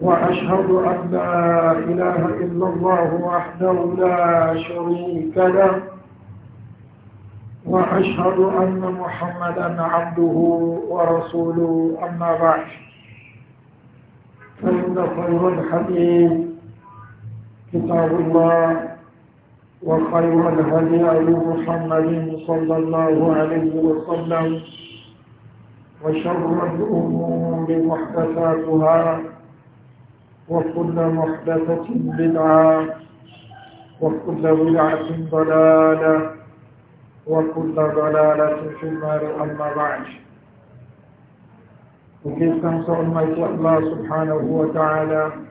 وأشهد أن لا إله إلا الله وحده لا شريك له وأشهد أن محمدا عبده ورسوله أما بعد فإن خير الحديث كتاب الله وخير الهدي محمد صلى الله عليه وسلم وشر الأمور محدثاتها وكل محدثة بدعة وكل بدعة ضلالة وكل ضلالة في النار أما بعد Okay, thanks Almighty Allah subhanahu wa ta'ala.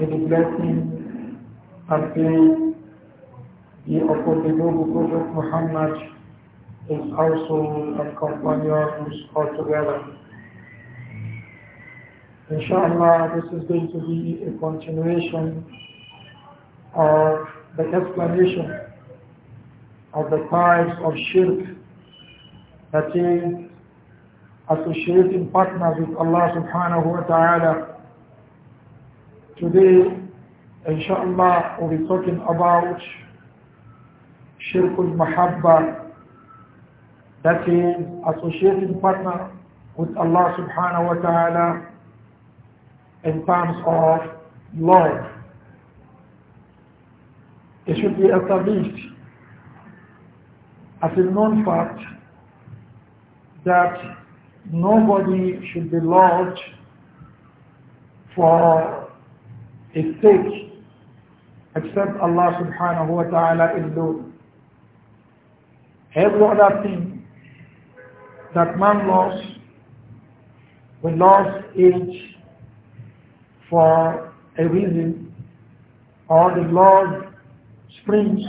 the blessing and faith the noble Prophet Muhammad, his household and companions together. Inshallah, this is going to be a continuation of the explanation of the types of shirk, that is, associating partners with Allah subhanahu wa ta'ala. Today, inshallah, we'll be talking about shirk al-mahabba, that is, associating partner with Allah subhanahu wa ta'ala in terms of love. It should be established as a known fact that nobody should be loved for a sake except Allah subhanahu wa ta'ala is alone. Every other thing that man loves, we lost it for a reason or the Lord springs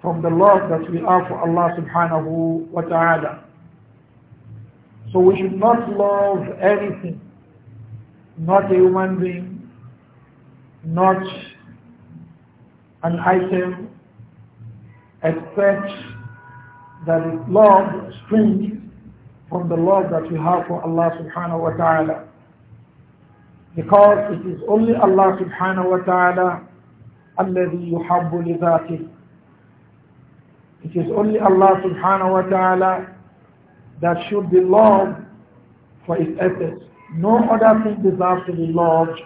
from the love that we have for Allah subhanahu wa ta'ala. So we should not love anything, not a human being, not an item, except that love springs from the love that we have for Allah subhanahu wa ta'ala because it is only Allah subhanahu wa ta'ala الذي يحب لذاته it is only Allah subhanahu wa ta'ala that should be loved for its essence no other thing deserves to be loved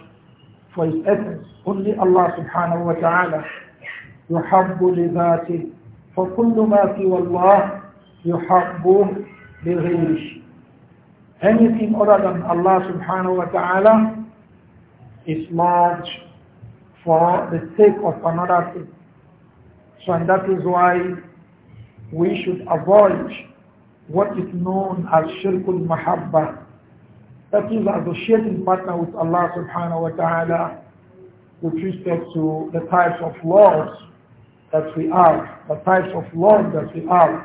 for its essence only Allah subhanahu wa ta'ala يحب لذاته فكل ما سوى الله يحب لغيره anything other than Allah subhanahu wa ta'ala is large for the sake of another thing. So and that is why we should avoid what is known as shirkul mahabba. That is associating partner with Allah subhanahu wa ta'ala with respect to the types of laws that we have, the types of laws that we have.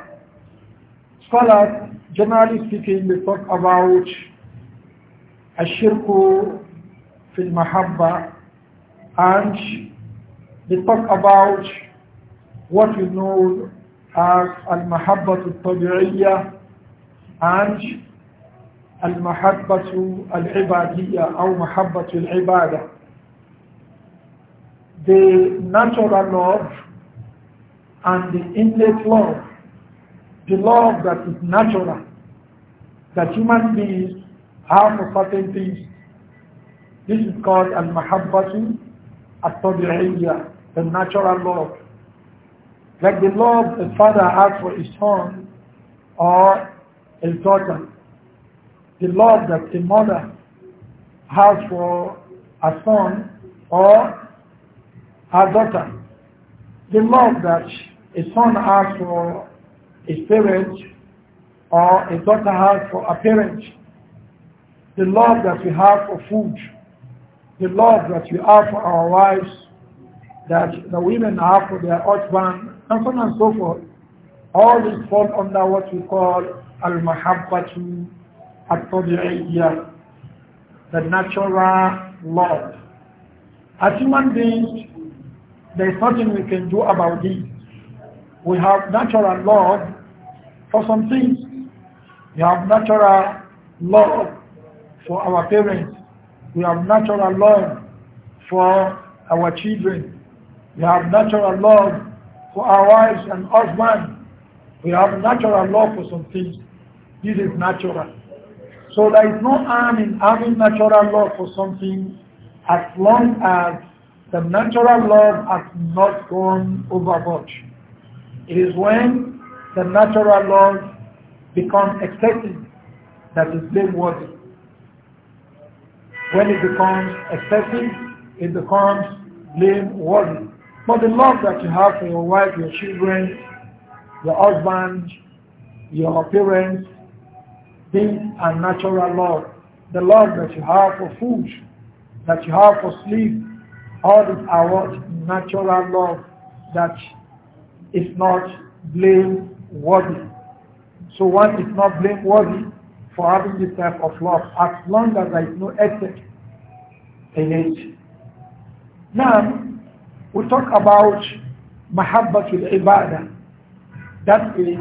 Scholars, generally speaking, they talk about shirkul fil mahabba and they talk about what we know as al al tabi'iyya and al-mahabbatu al-ibadiyya or mahabbatu al-ibada the natural love and the innate love the love that is natural that human beings have for certain things this is called al-mahabbatu at-tabi'iyya, the natural love. Like the love a father has for his son or a daughter. The love that a mother has for her son or her daughter. The love that a son has for his parents or a daughter has for a parent. The love that we have for food the love that we have for our wives, that the women have for their husbands, and so on and so forth. All this fall under what we call al-mahabbatu al-tabi'iyya, the natural love. As human beings, there is nothing we can do about this. We have natural love for some things. We have natural love for our parents. We have natural love for our children. We have natural love for our wives and husbands. We have natural love for some things. This is natural. So there is no harm in having natural love for something as long as the natural love has not gone overboard. It is when the natural love becomes excessive that is blameworthy. When it becomes excessive, it becomes blameworthy. But the love that you have for your wife, your children, your husband, your parents, this are natural love. The love that you have for food, that you have for sleep, all these are what natural love that is not blameworthy. So one is not blameworthy for having this type of love as long as there is no excess in it. Now, we talk about mahabbatul ibadah. That is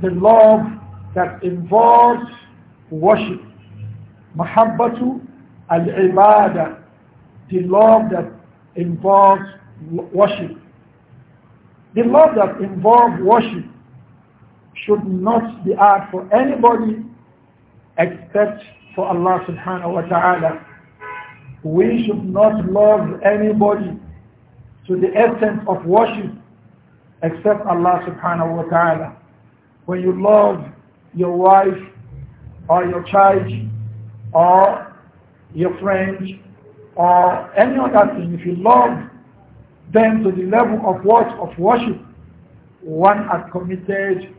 the love that involves worship. Mahabbatu al-ibadah, the love that involves worship. The love that involves worship should not be hard for anybody except for Allah subhanahu wa ta'ala. We should not love anybody to the essence of worship except Allah subhanahu wa ta'ala. When you love your wife or your child or your friend or any other thing, if you love them to the level of what? Of worship, one has committed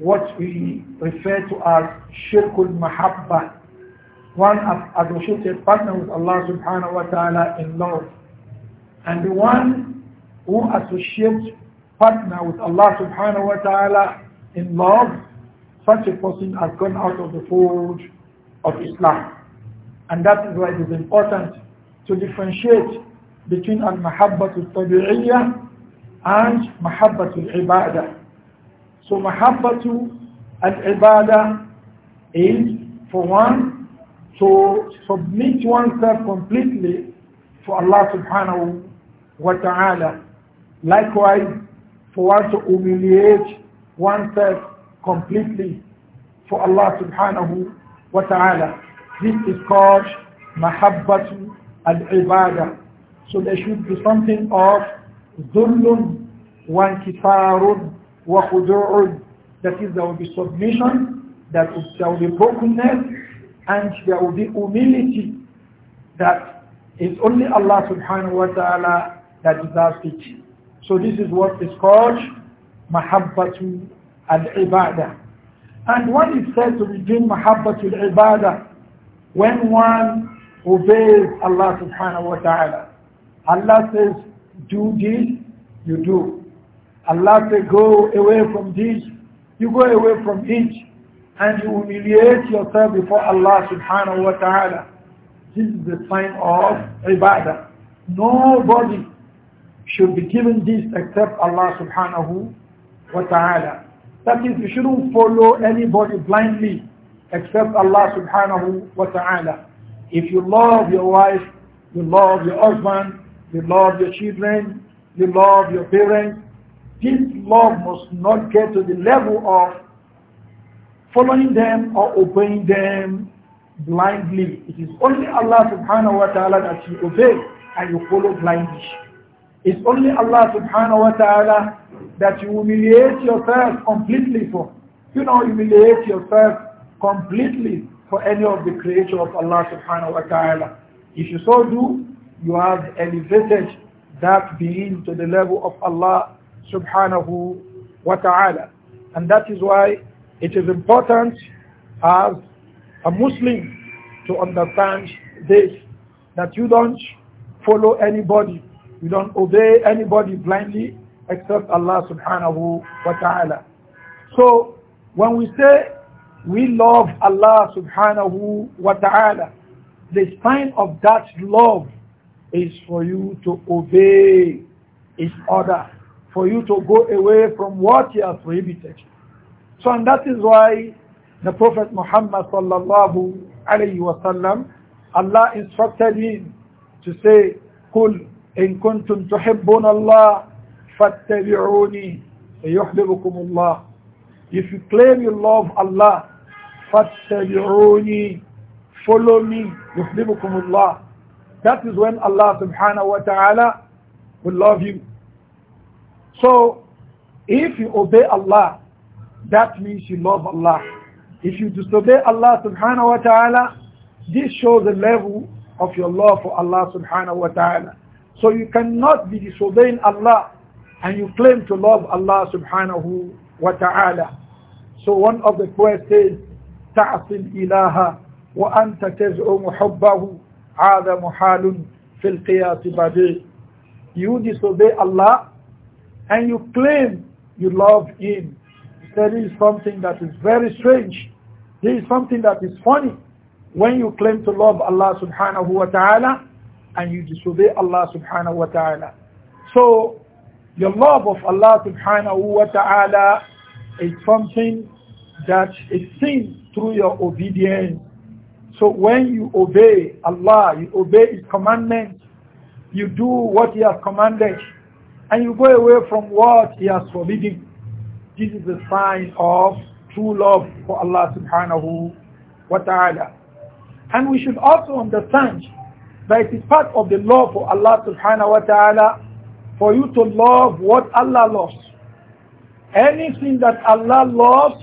what we refer to as shirkul mahabba, one has associated partner with Allah subhanahu wa ta'ala in love. And the one who associates partner with Allah subhanahu wa ta'ala in love, such a person has gone out of the fold of Islam. And that is why it is important to differentiate between al-mahabbatul tabi'iyya and mahabbatul ibadah. So mahabbatu and ibadah is for one to submit oneself completely for Allah subhanahu wa ta'ala. Likewise, for one to humiliate oneself completely for Allah subhanahu wa ta'ala. This is called mahabbatu al-ibadah. So there should be something of dhullun wa inkifarun that is, there will be submission, that will, there will be brokenness, and there will be humility that it's only Allah subhanahu wa ta'ala that deserves it. So this is what is called mahabbatu al-ibadah. And what is said to be doing mahabbatu al-ibadah when one obeys Allah subhanahu wa ta'ala. Allah says, do this, you do. Allah said, go away from this. You go away from it. And you humiliate yourself before Allah subhanahu wa ta'ala. This is the sign of ibadah. Nobody should be given this except Allah subhanahu wa ta'ala. That is, you shouldn't follow anybody blindly except Allah subhanahu wa ta'ala. If you love your wife, you love your husband, you love your children, you love your parents, this love must not get to the level of following them or obeying them blindly. It is only Allah subhanahu wa ta'ala that you obey and you follow blindly. It's only Allah subhanahu wa ta'ala that you humiliate yourself completely for. You know, humiliate yourself completely for any of the creation of Allah subhanahu wa ta'ala. If you so do, you have elevated that being to the level of Allah subhanahu wa ta'ala. And that is why it is important as a Muslim to understand this, that you don't follow anybody, you don't obey anybody blindly except Allah subhanahu wa ta'ala. So when we say we love Allah subhanahu wa ta'ala, the sign of that love is for you to obey his order for you to go away from what you are prohibited. So and that is why the Prophet Muhammad sallallahu alayhi wasallam, Allah instructed him to say, قُلْ إِن كُنْتُمْ تُحِبُّونَ اللَّهِ فَاتَّبِعُونِي يُحْبِبُكُمُ اللَّهِ If you claim you love Allah, فَاتَّبِعُونِي Follow me, يُحْبِبُكُمُ اللَّهِ That is when Allah subhanahu wa ta'ala will love you. So, if you obey Allah, that means you love Allah. If you disobey Allah subhanahu wa ta'ala, this shows the level of your love for Allah subhanahu wa ta'ala. So you cannot be disobeying Allah and you claim to love Allah subhanahu wa ta'ala. So one of the quotes says, تعصي الإله وأنت تزعم حبه هذا محال في القياس بديع. You disobey Allah and you claim you love him. That is something that is very strange. This is something that is funny. When you claim to love Allah subhanahu wa ta'ala and you disobey Allah subhanahu wa ta'ala. So your love of Allah subhanahu wa ta'ala is something that is seen through your obedience. So when you obey Allah, you obey His commandments, you do what He has commanded, and you go away from what he has forbidden. This is a sign of true love for Allah subhanahu wa ta'ala. And we should also understand that it is part of the law for Allah subhanahu wa ta'ala for you to love what Allah loves. Anything that Allah loves,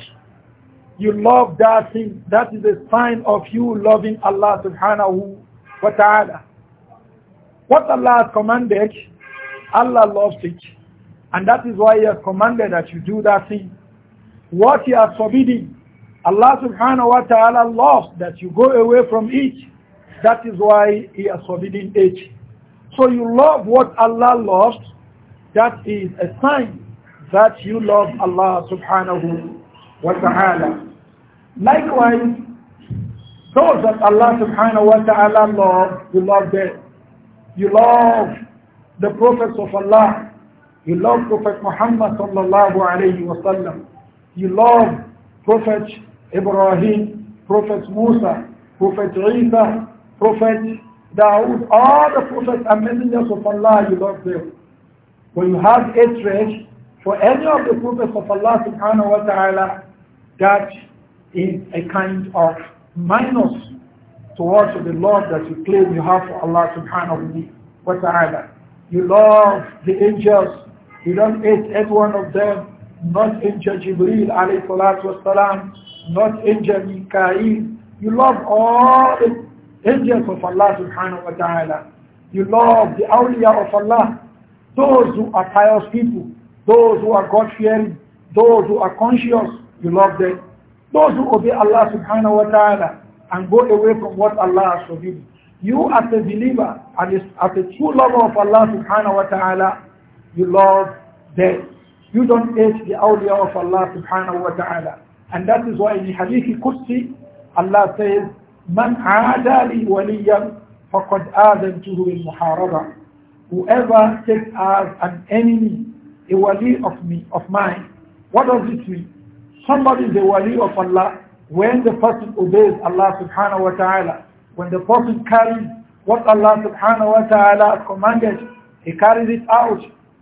you love that thing. That is a sign of you loving Allah subhanahu wa ta'ala. What Allah has commanded Allah loves it. And that is why He has commanded that you do that thing. What He has forbidden, Allah subhanahu wa ta'ala loves that you go away from it. That is why He has forbidden it. So you love what Allah loves. That is a sign that you love Allah subhanahu wa ta'ala. Likewise, those that Allah subhanahu wa ta'ala loves, you love them. You love the prophets of Allah. You love Prophet Muhammad sallallahu alayhi wa sallam. You love Prophet Ibrahim, Prophet Musa, Prophet Isa, Prophet Dawood. All the prophets and messengers of Allah, you love them. When you have hatred for any of the prophets of Allah subhanahu wa ta'ala, that is a kind of minus towards the love that you claim you have for Allah subhanahu wa ta'ala. You love the angels. You don't hate every one of them. Not angel Jibril alayhi wasalam. Not angel Mikael. You love all the angels of Allah subhanahu wa ta'ala. You love the awliya of Allah. Those who are pious people. Those who are God-fearing. Those who are conscious. You love them. Those who obey Allah subhanahu wa ta'ala and go away from what Allah has forbidden. You as a believer, and as a true lover of Allah subhanahu wa ta'ala, you love them. You don't hate the awliya of Allah subhanahu wa ta'ala. And that is why in Hadith Qudsi, Allah says, من عاد faqad وليا فقد in muharaba." Whoever takes as an enemy, a wali of me, of mine, what does it mean? Somebody is a wali of Allah when the person obeys Allah subhanahu wa ta'ala. When the Prophet carries what Allah subhanahu wa ta'ala has commanded, he carries it out.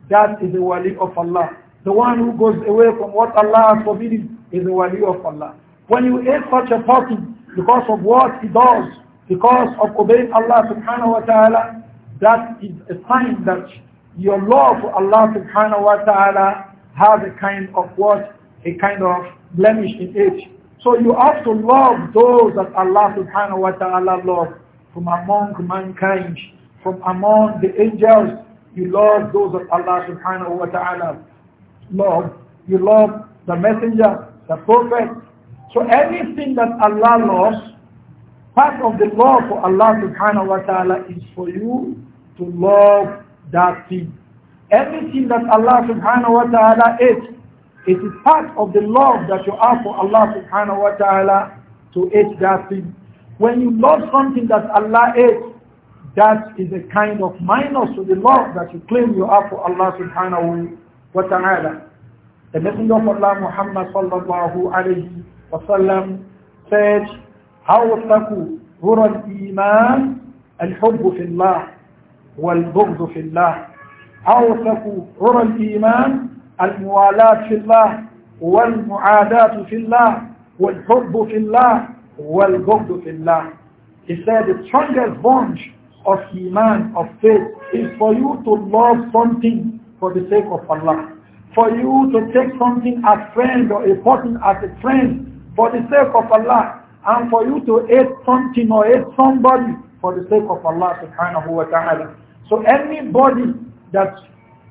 That is the wali of Allah. The one who goes away from what Allah has forbidden is the wali of Allah. When you hate such a person because of what he does, because of obeying Allah subhanahu wa ta'ala, that is a sign that your love for Allah subhanahu wa ta'ala has a kind of what? A kind of blemish in it. So you have to love those that Allah subhanahu wa ta'ala loves from among mankind, from among the angels. You love those that Allah subhanahu wa ta'ala love. You love the messenger, the prophet. So anything that Allah loves, part of the law for Allah subhanahu wa ta'ala is for you to love that thing. Everything that Allah subhanahu wa ta'ala is, it is part of the love that you have for Allah subhanahu wa ta'ala to eat that thing. When you love something that Allah eats, that is a kind of minus to the love that you claim you have for Allah subhanahu wa ta'ala. The Messenger of Allah Muhammad sallallahu alayhi wa sallam said, حَوْتَكُ هُرَ الْإِيمَانِ How فِي اللَّهِ وَالْبُغْضُ فِي اللَّهِ حَوْتَكُ هُرَ Allah? الموالاة في الله والمعاداة في الله والحب في الله والبغض في الله He said the strongest bond of iman, of faith, is for you to love something for the sake of Allah. For you to take something as friend or a person as a friend for the sake of Allah. And for you to hate something or hate somebody for the sake of Allah subhanahu wa ta'ala. So anybody that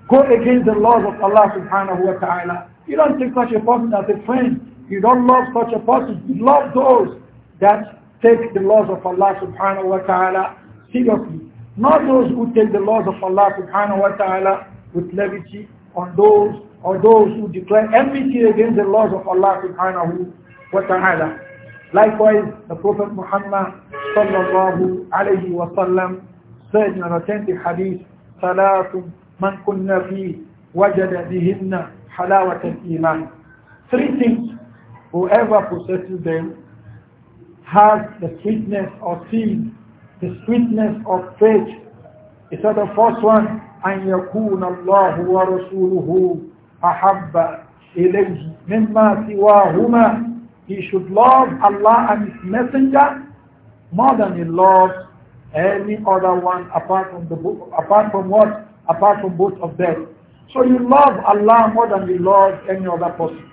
go against the laws of Allah subhanahu wa ta'ala. You don't take such a person as a friend. You don't love such a person. You love those that take the laws of Allah subhanahu wa ta'ala seriously. Not those who take the laws of Allah subhanahu wa ta'ala with levity on those or those who declare enmity against the laws of Allah subhanahu wa ta'ala. Likewise, the Prophet Muhammad sallallahu alayhi wa sallam said in an authentic hadith, man kunna fi wajada bihinna halawatan iman. Three things, whoever possesses them has the sweetness of faith. the sweetness of faith. It's said the first one, أن Allah wa Rasuluhu أحب ilayhi مما سواهما He should love Allah and His Messenger more than he loves any other one apart from the book, apart from what apart from both of them. So you love Allah more than you love any other person.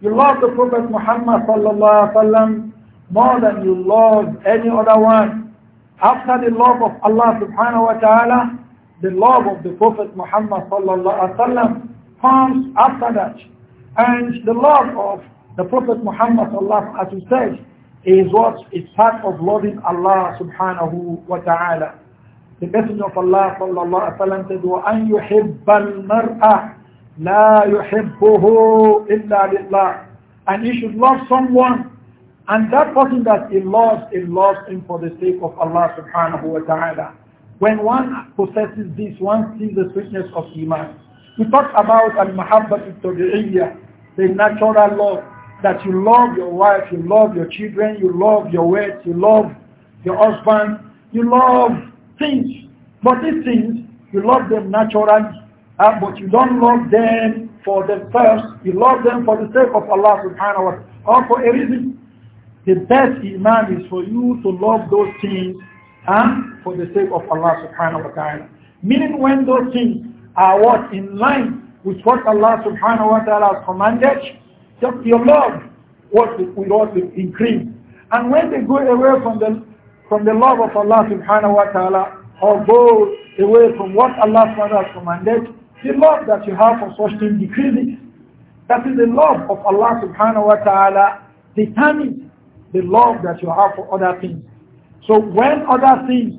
You love the Prophet Muhammad sallallahu alaihi wasallam more than you love any other one. After the love of Allah subhanahu wa ta'ala, the love of the Prophet Muhammad sallallahu alaihi wasallam comes after that. And the love of the Prophet Muhammad sallallahu alaihi wasallam, as said, is what is part of loving Allah subhanahu wa ta'ala. The Messenger of Allah sallallahu alaihi said, وَأَنْ يُحِبَّ الْمَرْأَ لَا يُحِبُّهُ إِلَّا لِلَّهِ And he should love someone, and that person that he loves, he loves him for the sake of Allah subhanahu wa ta'ala. When one possesses this, one sees the sweetness of Iman. We talked about al-mahabbat al the natural love, that you love your wife, you love your children, you love your wife, you love your husband, you love things. But these things, you love them naturally, uh, but you don't love them for themselves. You love them for the sake of Allah subhanahu wa ta'ala, or for a reason. The best iman is for you to love those things and uh, for the sake of Allah subhanahu wa ta'ala. Meaning when those things are what? In line with what Allah subhanahu wa ta'ala has commanded, your love will, will increase. And when they go away from the from the love of Allah subhanahu wa ta'ala or go away from what Allah subhanahu wa ta'ala commanded, the love that you have for such things decreases. That is the love of Allah subhanahu wa ta'ala determines the love that you have for other things. So when other things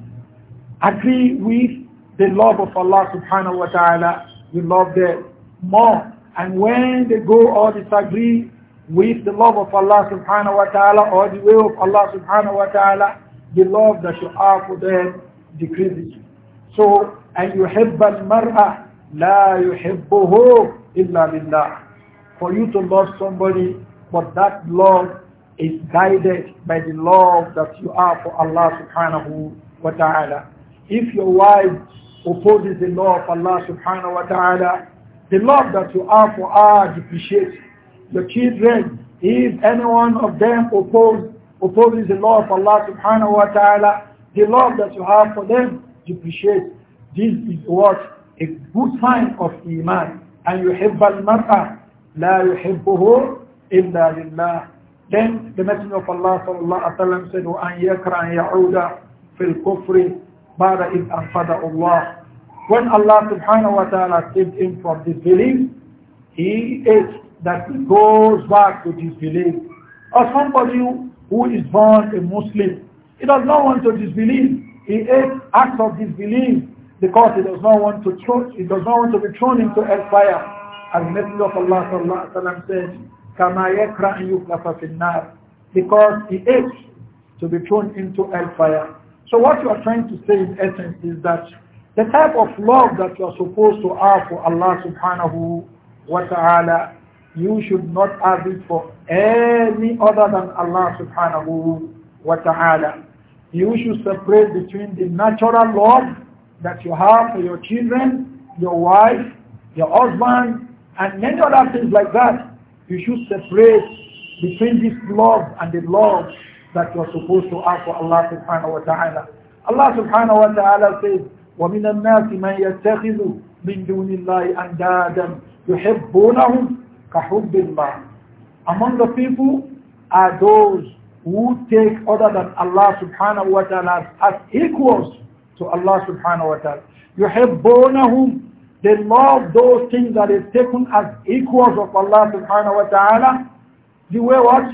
agree with the love of Allah subhanahu wa ta'ala, you love them more. And when they go or disagree with the love of Allah subhanahu wa ta'ala or the way of Allah subhanahu wa ta'ala, the love that you have for them decreases. So, and you have al-mar'a la yuhibbuhu illa billah. For you to love somebody, but that love is guided by the love that you have for Allah subhanahu wa ta'ala. If your wife opposes the law of Allah subhanahu wa ta'ala, the love that you have for her depreciates. Your children, if any one of them opposes Opposes the law of Allah subhanahu wa ta'ala. The love that you have for them appreciate This is what? A good sign of Iman. And you have al-mar'a la yuhibbuhu illa lillah. Then the Messenger of Allah sallallahu alaihi wasallam said, وَأَنْ يَكْرَأَ يَعُودَ فِي الْكُفْرِ بَعْدَ إِذْ أَنْفَدَ اللَّهِ When Allah subhanahu wa ta'ala saved him from disbelief, he is that he goes back to disbelief. Or somebody who is born a Muslim. He does not want to disbelieve. He acts of disbelief because he does not want to throw, he does not want to be thrown into hellfire. And the Messenger of Allah says, "Kama yakra an yuklafa because he hates to be thrown into hellfire. So what you are trying to say in essence is that the type of love that you are supposed to have for Allah subhanahu wa ta'ala you should not ask it for any other than Allah subhanahu wa ta'ala. You should separate between the natural love that you have for your children, your wife, your husband, and many other things like that. You should separate between this love and the love that you are supposed to have for Allah subhanahu wa ta'ala. Allah subhanahu wa ta'ala says, وَمِنَ النَّاسِ مَنْ يَتَّخِذُ مِنْ دُونِ اللَّهِ أَنْدَادًا يُحِبُّونَهُمْ Ma. Among the people are those who take other than Allah subhanahu wa ta'ala as equals to Allah subhanahu wa ta'ala. You have born whom They love those things that is taken as equals of Allah subhanahu wa ta'ala. The way what?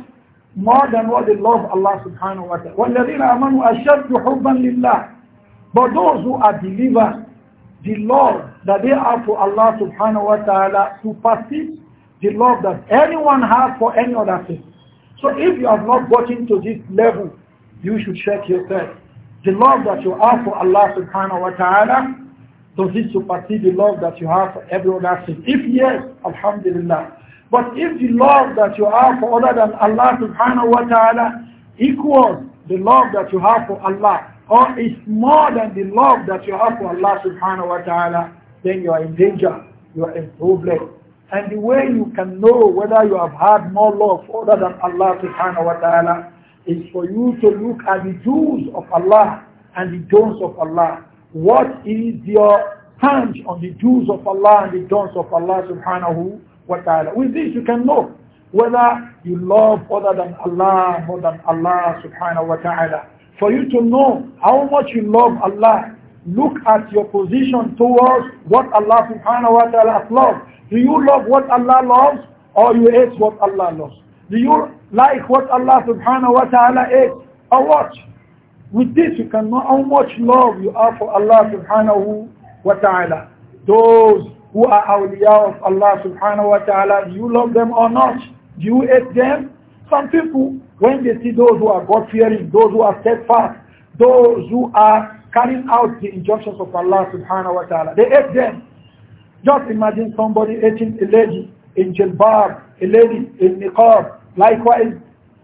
More than what they love Allah subhanahu wa ta'ala. وَالَّذِينَ آمَنُوا أَشَدُّ حُبًّا لِلَّهِ But those who are believers, the love that they are for Allah subhanahu wa ta'ala supersedes the love that anyone has for any other thing. So if you have not gotten to this level, you should check yourself. The love that you have for Allah subhanahu wa ta'ala, does it supersede the love that you have for every other thing? If yes, alhamdulillah. But if the love that you have for other than Allah subhanahu wa ta'ala equals the love that you have for Allah, or is more than the love that you have for Allah subhanahu wa ta'ala, then you are in danger, you are in problem. And the way you can know whether you have had more love other than Allah subhanahu wa ta'ala is for you to look at the do's of Allah and the don'ts of Allah. What is your punch on the do's of Allah and the don'ts of Allah subhanahu wa ta'ala? With this you can know whether you love other than Allah more than Allah subhanahu wa ta'ala. For you to know how much you love Allah look at your position towards what Allah subhanahu wa ta'ala loves. Do you love what Allah loves or you hate what Allah loves? Do you like what Allah subhanahu wa ta'ala hates or what? With this you can know how much love you are for Allah subhanahu wa ta'ala. Those who are awliya of Allah subhanahu wa ta'ala, do you love them or not? Do you hate them? Some people, when they see those who are God-fearing, those who are steadfast, those who are carrying out the injunctions of Allah subhanahu wa ta'ala. They ate them. Just imagine somebody eating a lady in jilbab, a lady in niqab. Likewise,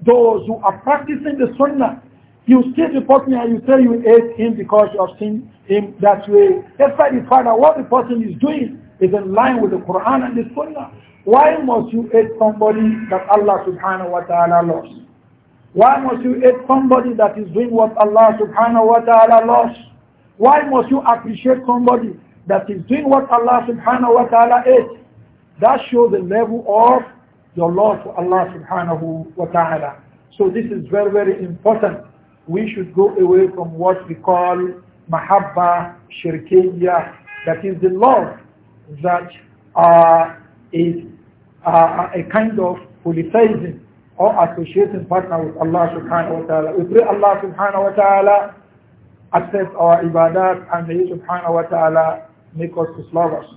those who are practicing the sunnah, you still report me and you say you ate him because you have seen him that way. That's why the father, what the person is doing is in line with the Quran and the sunnah. Why must you hate somebody that Allah subhanahu wa ta'ala loves? Why must you hate somebody that is doing what Allah subhanahu wa ta'ala loves? Why must you appreciate somebody that is doing what Allah subhanahu wa ta'ala hates? That shows the level of your love for Allah subhanahu wa ta'ala. So this is very, very important. We should go away from what we call mahabba shirkiyya, that is the love that uh, is uh, a kind of polytheism or associating partner with Allah subhanahu wa ta'ala. We pray Allah subhanahu wa ta'ala accept our ibadat and may He subhanahu wa ta'ala make us His lovers.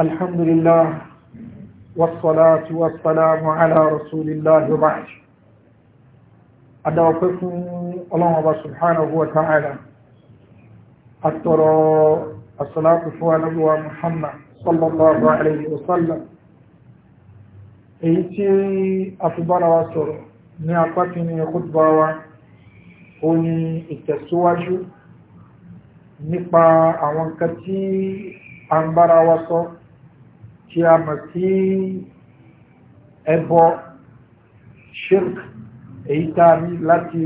الحمد لله والصلاة والسلام على رسول الله وبعد أدعوكم الله سبحانه وتعالى أترى الصلاة فوانا هو محمد صلى الله عليه وسلم ايتي أفضل وصر نعطتني خطبة وني التسواج nípa àwọn nǹkan tí a ń bára wa sọ tí a mọ̀ sí ẹbọ shirk èyí tá a ní láti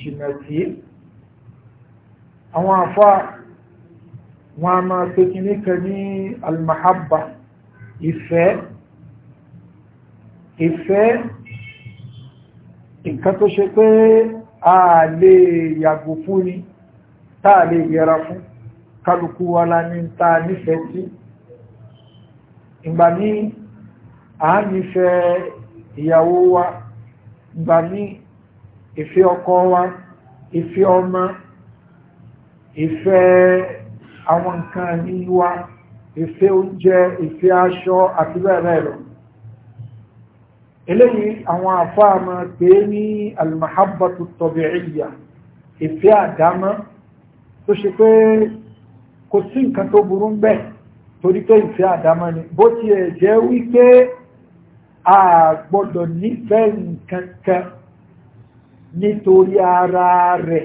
jìnà sí àwọn àfáà wọ́n a máa pé kìíní kan ní almahabba ìfẹ́ ìfẹ́ nǹkan tó ṣe pé a lè yàgò fún ni táà lè yẹra fún kálukú wa la ní ta nífẹ̀ẹ́ sí ìgbà ní à ń ìyàwó wa ìgbà ní ìfẹ́ ọkọ wa ìfẹ́ ọmọ ìfẹ́ àwọn nǹkan ní wá ìfẹ́ oúnjẹ ìfẹ́ aṣọ àti bẹ́ẹ̀ lọ eléyìí àwọn àfáàmà pé ní almahabbatu tabi'iyya ìfẹ́ àdámọ́ tó ṣe pé kò sí nǹkan tó burú ń bẹ̀ torí pé ìfẹ́ àdámọ́ ni bó ti ẹ̀ jẹ́ wípé a gbọ́dọ̀ nífẹ̀ẹ́ nǹkan kan nítorí ara rẹ̀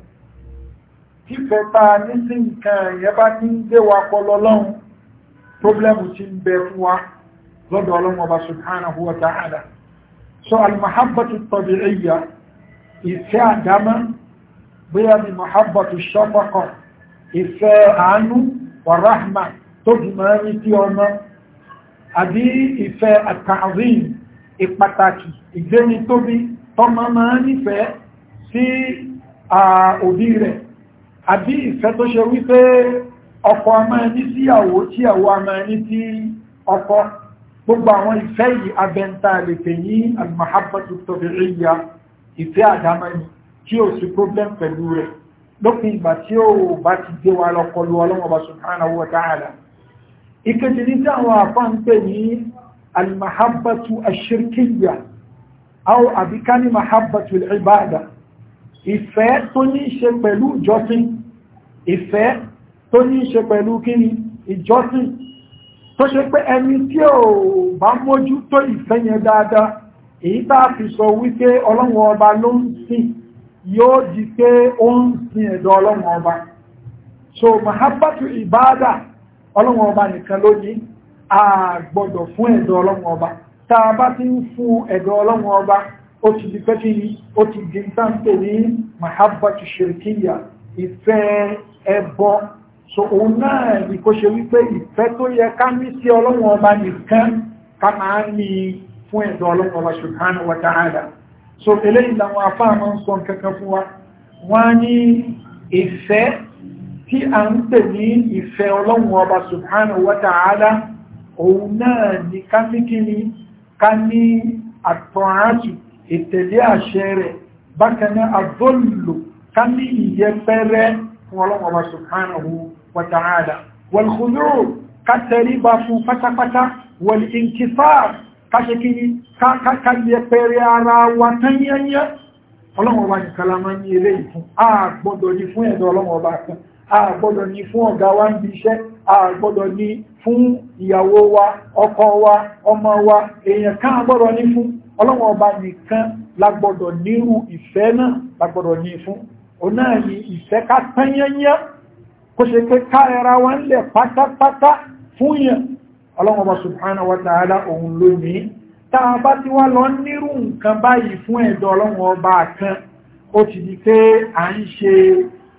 tífẹ́ ta ní sí nǹkan ẹ̀yẹ́ bá ní gbé wa pọlọ lọ́hun pọ́blẹ́mù ti ń bẹ fún wa lọ́dọ̀ ọlọ́run ọba subhanahu wa ta'ala so almahabbatu tabi'iyya ìfẹ́ àdámá bóyá ni mahabbatu shafaqa ìfẹ́ àánú wa rahma tó bìmọ̀ ní òbí rẹ̀ àbí ìfẹ́ tó ṣe wípé ọkọ ọmọ ẹni sí àwò tí àwò ọmọ ẹni sí ọkọ gbogbo àwọn ìfẹ́ yìí abẹ́ntà lè pè ní almahabbatu tabi'iyya ìfẹ́ àdámẹ́ni tí ó sì problem pẹ̀lú rẹ̀ lópin ìgbà tí ó bá ti gbé wa lọ kọlu ìfẹ́ tó ní ṣe pẹ̀lú ìjọsìn ìfẹ́ tó ní ṣe pẹ̀lú kíni ìjọsìn tó ṣe pé ẹni tí ò bá mójú tó ìfẹ́ yẹn dáadáa èyí tá a fi sọ wípé ọlọ́run ọba ló ń sìn yóò di pé ó ń sin ẹ̀dọ̀ ọlọ́run ọba so mahabbatu ibada ọlọ́run ọba nìkan ló ní a gbọ́dọ̀ fún ẹ̀dọ̀ ọlọ́run ọba tá a bá ti ń fún ẹ̀dọ̀ ọlọ́run ọba ó ti di pẹ́ tí ó ti di táǹtẹ̀ ní mahabbatu shirkiya ìfẹ́ ẹbọ so òun náà ni kó ṣe wípé ìfẹ́ tó yẹ ká ní sí ọlọ́run ọba nìkan ká máa ń ní fún ẹ̀dọ̀ ọlọ́run ọba subhanahu wa so eléyìí làwọn afáà máa ń sọ kankan fún wa wọ́n ní ìfẹ́ tí a ń pè ní òun náà ni ká ní kí ni ká ní àtọ̀rásùn ìtẹ̀lé àṣẹ rẹ̀ bákaná àdọ́lù ká ní ìyẹpẹrẹ fún ọlọ́wọ́wà subhanahu wa ta'ala wàlùkúrò ká fún pátápátá wàlùkínkìfàà ká àgbọ́dọ̀ ní fún ọ̀gá wa ń bí iṣẹ́ àgbọ́dọ̀ ní fún ìyàwó wa ọkọ wa ọmọ wa èèyàn ká àgbọ́dọ̀ ní fún ọlọ́wọ́ ọba nìkan lágbọ́dọ̀ nírú ìfẹ́ náà lágbọ́dọ̀ ní fún ọ̀nà ni ìfẹ́ ká tányányá kó ṣe pé ká ẹra wa ń lẹ̀ pátápátá fún yàn ọlọ́wọ́ ọba subhanahu wa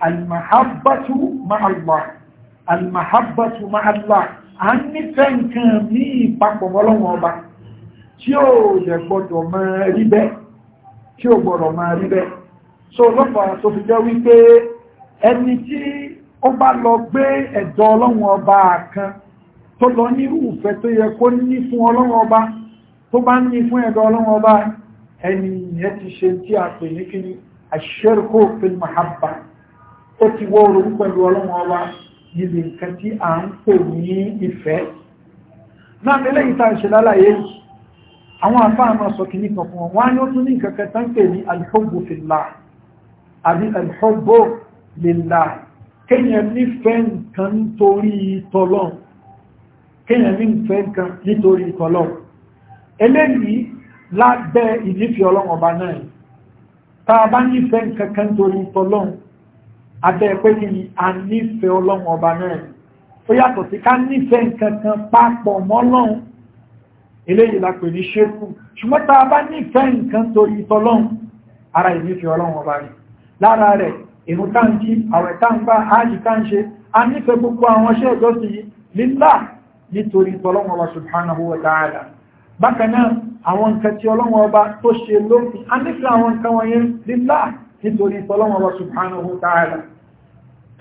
alìmọ̀hábàtú máàlá الله، máàlá a الله. nífẹ̀ẹ́ كان ní ìpapọ̀ ọlọ́wọ́n ọba tí ó lè gbọ́dọ̀ máa rí bẹ́ tí ó gbọ́dọ̀ máa rí bẹ́ so lọ́pàá tó fi jẹ́ wípé ẹni tí ó bá lọ gbé ẹ̀dọ̀ ọlọ́wọ́n ọba kan tó lọ ní ìfẹ́ tó yẹ kó ní fún ọlọ́wọ́n ọba tó bá ní fún ẹ̀dọ̀ ọlọ́wọ́n ọba ẹni yẹn ti ṣe tí a pè ní kíni àṣẹ́rìkò fil mahabba ó ti wọ́ orogú pẹ̀lú ọlọ́run ọba níbi nǹkan tí a ń pè ní ìfẹ́ náà nílẹ̀ ìta ìṣẹ̀lálàyé àwọn àfáà máa sọ kìíní kan fún wọn wọ́n á ní ó tún ní nǹkan kẹta ń pè ní alhubbu fillah àbí alhubbu lillah kéèyàn nífẹ̀ẹ́ nǹkan nítorí tọlọ́n kéèyàn nífẹ̀ẹ́ nǹkan nítorí tọlọ́n eléyìí lábẹ́ ìnífẹ̀ẹ́ ọlọ́run ọba náà tá a bá nífẹ̀ẹ́ nǹkan kan nítorí tọlọ́n àtẹ̀pẹ́ kí ni a nífẹ̀ẹ́ ọlọ́run ọba náà ó yàtọ̀ sí ká nífẹ̀ẹ́ nǹkan kan papọ̀ mọ́lọ́run eléyìí la pè ní ṣékù ṣùgbọ́n tá a bá nífẹ̀ẹ́ nǹkan torí tọlọ́run ara ìnífẹ̀ẹ́ ọlọ́run ọba rẹ̀ lára rẹ̀ èrò táǹkì àwẹ̀ táǹgbà áàjì táǹṣe a nífẹ̀ẹ́ gbogbo àwọn iṣẹ́ ìjọsìn yìí lílá nítorí tọlọ́run ọba subhanahu wa ta'ala bákan náà àwọn nǹkan tí ọlọ́run ọba tó ṣe lófin a nífẹ̀ẹ́ àwọn nǹkan wọ̀nyẹn lílá nítorí tọlọ́run ọba subhanahu wa ta'ala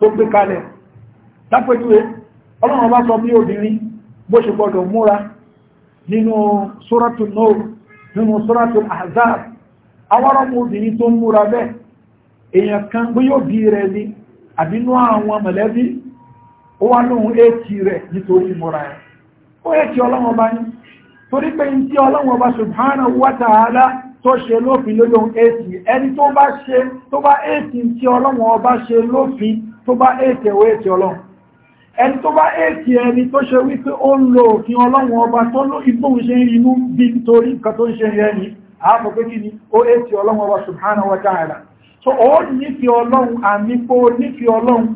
tó gbé kalẹ̀ lápẹjúwe ọlọ́run bá sọ bí obìnrin bó ṣe gbọdọ̀ múra nínú sóràtù nóò nínú sóràtù azar awárọ́mù obìnrin tó ń múra bẹ́ẹ̀ èèyàn kan bí yóò bí rẹ̀ ní àbínú àwọn mọ̀lẹ́bí ó wá lóhun éèkì rẹ̀ nítorí múra ẹ̀ ó éèkì ọlọ́run bá ní torí tó ṣe lófin lójó éèkì ẹni tó bá ṣe tó bá éèkì tí ọlọ́run bá ṣe lófin tó bá ètè owó ètè ọlọ́run ẹni tó bá ètè ẹni tó ṣe wípé ó ń lo òfin ọlọ́run ọba tó ló ìgbóhun ṣe ń inú bí torí nǹkan tó ń ṣe yẹ ni àápọ̀ pé kí ni ó ètè ọlọ́run ọba subhanahu wa ta'ala so ó nífi ọlọ́run àmì pé ó nífi ọlọ́run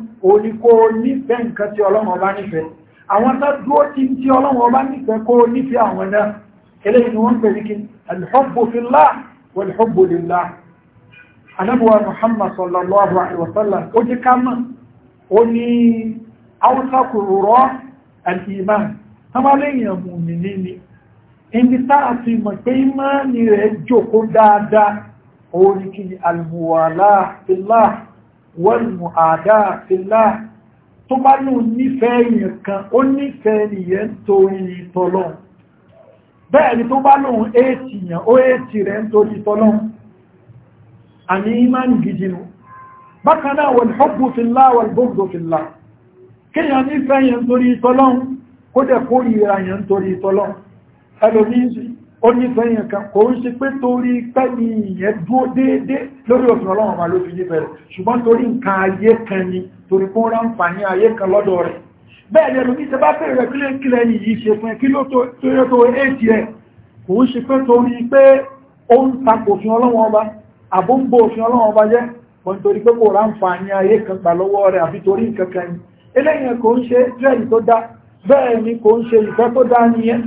ò ní kó muhammad sallallahu alaihi wasallam ó jẹ́ ká mọ́ ó ní áwùsákòrò rọ́ àti ìmáà tánwálẹ́yìn mùmí ní ibi táà ti mọ̀ pé ìmáàni rẹ̀ jòkó dáadáa orí kí ni almuwala fillah walmuada fillah tó bá ní onífẹ́ èèyàn kan ó nífẹ́ ènìyàn torí tọ́lọ́n bẹ́ẹ̀ni tó bá lóun éètì yàn ó éètì rẹ̀ ń torí tọ́lọ́n àní ìmáàni gidi nù bákan náà wọ̀n hubbu fillah wọ̀n bughdu fillah kíyàn nífẹ́ yẹn torí tọ́lọ́un kó dẹ̀ kó ìrà yẹn torí tọ́lọ́un ẹlòmíìsì ó nífẹ́ yẹn kan kò ń ṣe pé torí pẹ́lú ìyẹn dúó déédé lórí òfin ọlọ́run ma ló fi nífẹ́ rẹ̀ ṣùgbọ́n torí nǹkan ayé kan ni torí kó rán fàní ayé kan lọ́dọ̀ rẹ̀ bẹ́ẹ̀ ni ẹlòmíìsì bá fẹ́ rẹ̀ kílẹ̀ kílẹ̀ yìí ṣe fún ẹ kí ló tó wọ́n torí pé kò ráǹfà ní ayé kan gbà lọ́wọ́ rẹ̀ àfi torí kankan ni eléyìn kò ń ṣe jẹ́rì tó dá bẹ́ẹ̀ ni kò ń ṣe ìfẹ́ tó dá nìyẹn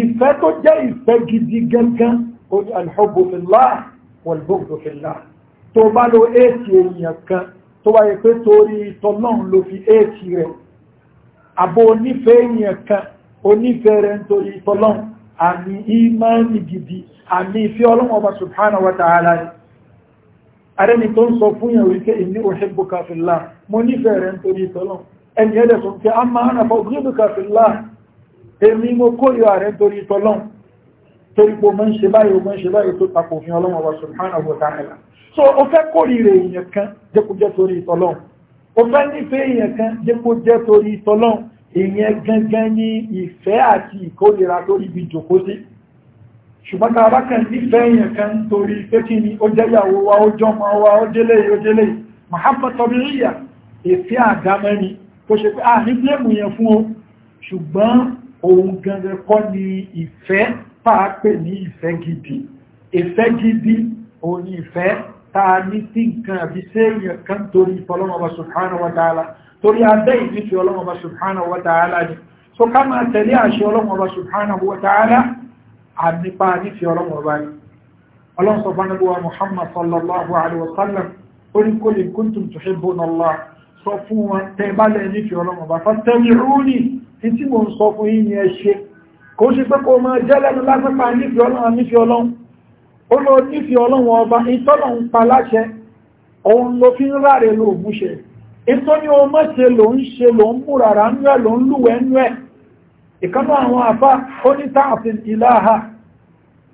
ìfẹ́ tó jẹ́ ìfẹ́ gidi gangan alhọ́bùnlá wọ̀lbọ̀gbọ̀fẹ̀lá tó bá lo éèkì èèyàn kan tó wáyé pé torí tọ́lọ́n ló wa ta'ala arẹni tó ń sọ fún yẹn wípé ìní òṣèbù kàfìlá mo nífẹ̀ẹ́ rẹ̀ nítorí tọ́lọ́ ẹni ẹ̀dẹ̀ sọ pé a máa nàfà òṣèbù kàfìlá èmi mo kóyọ ààrẹ nítorí tọ́lọ́ torí pé o mọ́ ń ṣe báyìí mọ́ ń ṣe báyìí tó tapò òfin ọlọ́run ọba subhanahu ṣùgbọ́n ta bá kàn nífẹ́ èèyàn kan torí pé kí ni ó jẹ́ ìyàwó wa ó jọmọ wa ó jẹ́lẹ̀ ó jẹ́lẹ̀ mahabbatobiriya èfẹ́ àdámẹ́ni tó ṣe pé a ah, ní blẹ́mù yẹn fún o ṣùgbọ́n ohun gangan kọ́ ni ìfẹ́ pàápẹ̀ ní ìfẹ́ gidi ìfẹ́ gidi òun ni ìfẹ́ ta ní sí nǹkan àbí sí kan torí ìfọlọ́mọba subhanahu wa ta'ala ànípa nífẹ̀ẹ́ ọlọ́run ọba ni ọlọ́run sọ bá nílùú muhammad sallallahu alaihi wasallam ó ní kó lè kúntùm tó ṣe bóná lọ sọ fún wọn tẹ́ bá lẹ́ nífẹ̀ẹ́ ọlọ́run ọba fọ́tẹ́lì rúnì títí mò ń sọ fún yín ni òun ló fi ń ráre ló múṣe ètò ní ọmọ ṣe ló ń ṣe ló ń múra rà ló ń lúwẹ̀ẹ́ ń ìkánú àwọn àfá ó ìlàáha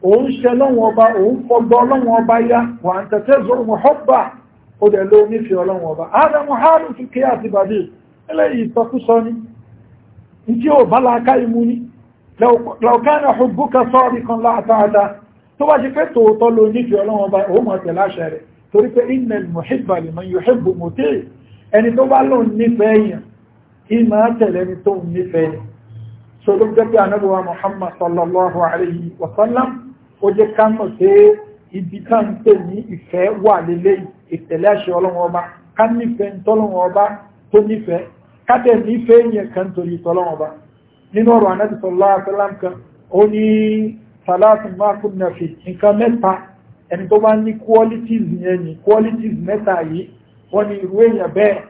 òun ṣe lọ́wọ́n ọba òun fọgbọ́ ọlọ́wọ́n ọba yá wà ń tẹ̀tẹ́ zoro mọ̀họ́bà ó dẹ̀ ló nífẹ̀ẹ́ ọlọ́wọ́n ọba adam haru fi kí àti bàbí eléyìí ìtọ́kùsọ ni ìjí ò bá láàká imú ni lọ́kánà ọgbùkà sọ́ọ̀rì kan láàtàdá tó jẹ́ pé wa ó jẹ́ ká mọ̀ pé ibi tá ń pè ní ìfẹ́ wà lélẹ̀ ìtẹ̀lé àṣẹ ọlọ́run ọba ká nífẹ̀ẹ́ tọ́lọ́run ọba tó nífẹ̀ẹ́ ká tẹ̀ nífẹ̀ẹ́ yẹn kan torí tọ́lọ́run ọba nínú ọ̀rọ̀ anábì sallallahu alaihi kan ó ní salatun ma kunna fi nǹkan mẹ́ta ẹni tó bá ní qualities yẹn ni qualities mẹ́ta yìí wọ́n ní irú èèyàn bẹ́ẹ̀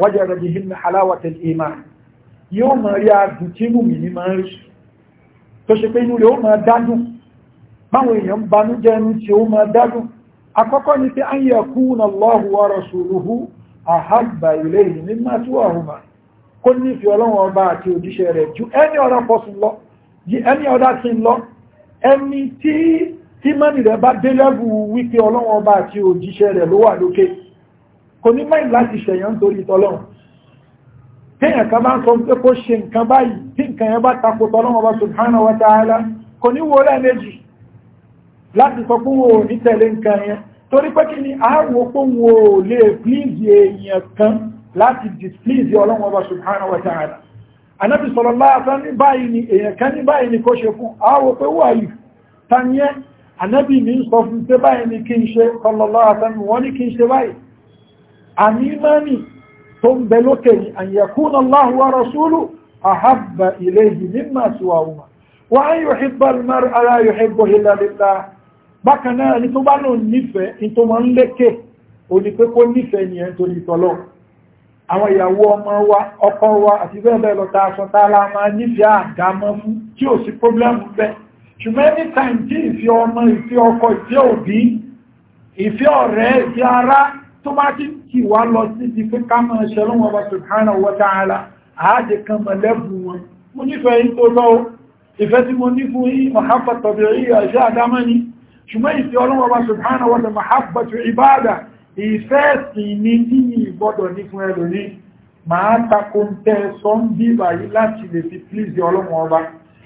wajada bihinna halawatal iman yóò máa rí adùn tí mùmí ní máa ń rí tó ṣe pé inú rẹ̀ ó máa dádùn báwọn èèyàn banújẹ́ ní tí ó máa dágún akọ́kọ́ ni pé an yẹ kúnà lọ́hùwà rasuluhu àhábà ilé yìí ní máa tí wọ́n hùmà kó ní fi ọlọ́wọ́ ọba àti òjíṣẹ́ rẹ̀ ju ẹni ọ̀dá pọ̀sùn lọ ẹni ọ̀dá tí ń lọ ẹni tí tí rẹ̀ bá dé lẹ́bù wípé ọlọ́wọ́ ọba àti láti sọ fún wọn ò ní tẹ̀lé nǹkan yẹn torí pé kí ni àáwò fún wọn ò lè please èèyàn kan láti displease ọlọ́run ọba subhanahu wa ta'ala anábì sọ̀rọ̀ láàtọ́ ní báyìí ni èèyàn kan ní báyìí ni kó ṣe fún àáwò pé wà yìí tanyẹ́ anábì ní sọ fún pé báyìí ni kí n ṣe sọlọ́lọ́ àtàmì wọ́n ní kí n ṣe báyìí àmì mẹ́ni tó ń bẹ lókè ní àyẹ̀kúnà láhùwà rasúlù àhábà ilé yìí mímọ̀ síwáwùmá wọ́n á yóò hìbá mẹ́rin ara yóò hìbó hìlá lílá bákan náà ni tó bá náà nífẹ̀ẹ́ ní tó máa ń lékè ó ní pé kó nífẹ̀ẹ́ nìyẹn torí tọ́lọ́ àwọn ìyàwó ọmọ wa ọkọ wa àti bẹ́ẹ̀ bẹ́ẹ̀ lọ ta aṣọ tá a la máa nífẹ̀ẹ́ àdámọ́ fún tí ò sí pọ́blẹ́mù bẹ́ẹ̀ ṣùgbọ́n anytime tí ìfẹ́ ọmọ ìfẹ́ ọkọ ìfẹ́ òbí ìfẹ́ ọ̀rẹ́ ìfẹ́ ará tó bá ti kì wá lọ síbi pé ká máa ṣe lọ́wọ́ ọba subhanahu wa ta'ala àádé kan mọ̀lẹ́bù wọn mo nífẹ̀ẹ́ yín tó lọ́wọ́ ìfẹ́ tí mo ní fún yín mahabba tabi'iyya àṣẹ àdámọ́ ṣùgbọ́n ìfẹ́ ọlọ́wọ́wà ṣùgbọ́n wọ́n lè mahabbatu ibada ìfẹ́ sí ní ní ìgbọ́dọ̀ ní fún ẹlò ní máa takò ń tẹ́ sọ ń bíbà yìí láti lè fi plíìsì ọlọ́wọ́wà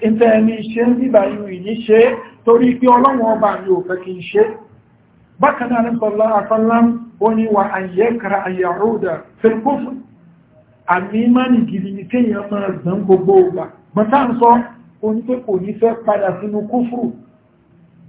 ìfẹ́ ní ṣe ń bíbà yìí ní ṣe torí pé ọlọ́wọ́wà ní òfẹ́ kí n ṣe bákan náà sọ́lá àtọ́lám ó ní wà àyẹ́kara àyàrúdà fẹ́kúfù àmì mánì gidi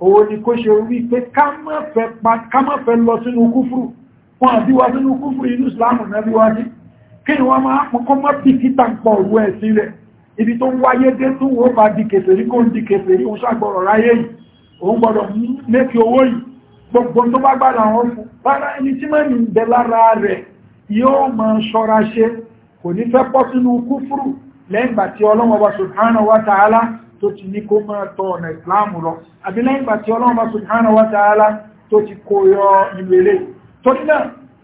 òun ni kó ṣe wí pé ká má fẹ́ lọ sínú kúfúrú wọn àti wá sínú kúfúrú inú islamu náà wá sí kí ni wọ́n máa kọ́kọ́ má bí kíta ń pọ̀ òwú ẹ̀ sílẹ̀ ibi tó ń wáyé dé tó wọ́n bá di kèfèrí kó ń di kèfèrí òun ṣàgbọ̀rọ̀ ráyé yìí òun gbọ́dọ̀ lékè owó yìí tó ti ní kó máa tọ ọ̀nà ìsìláàmù lọ àbí lẹ́yìn ìgbà tí ọlọ́run bá subhanahu wa ta'ala tó ti kó yọ ìrèlè torí náà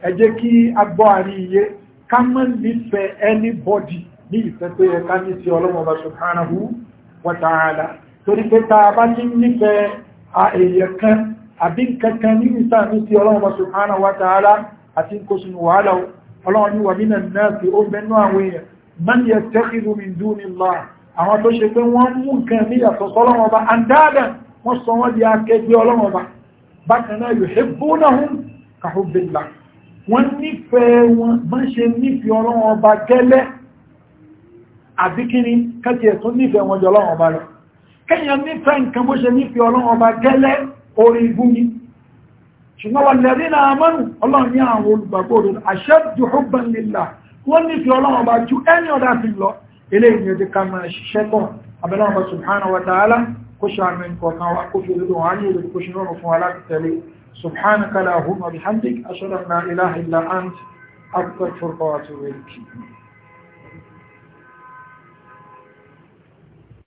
ẹ jẹ́ kí a gbọ́ àrí iye ká mọ́ nífẹ̀ẹ́ anybody ní ìfẹ́ tó yẹ ká ní sí ọlọ́run bá subhanahu wa ta'ala torí pé ta bá ní nífẹ̀ẹ́ àwọn tó ṣe pé wọ́n mú nǹkan ní yàtọ̀ sọ́lọ́wọ́n bá àndáadà wọ́n sọ wọ́n di akẹgbẹ́ ọlọ́wọ́n bá bákan náà yóò ṣe bóná hún kàhùbìlá wọ́n nífẹ̀ẹ́ wọn bá ṣe nífẹ̀ẹ́ ọlọ́wọ́n bá gẹ́lẹ́ àbíkíní kẹ́tì ẹ̀tún nífẹ̀ẹ́ wọn jọ ọlọ́wọ́n bá lọ kẹ́yàn nífẹ̀ẹ́ nǹkan bó إليه يدكم الشيطان أبنى الله سبحانه وتعالى كشعر منك وكان وأكفر ذو علي لكشنون فوالاك التالي سبحانك لا هم بحمدك أشرفنا إله إلا أنت أكبر فرقات ويكي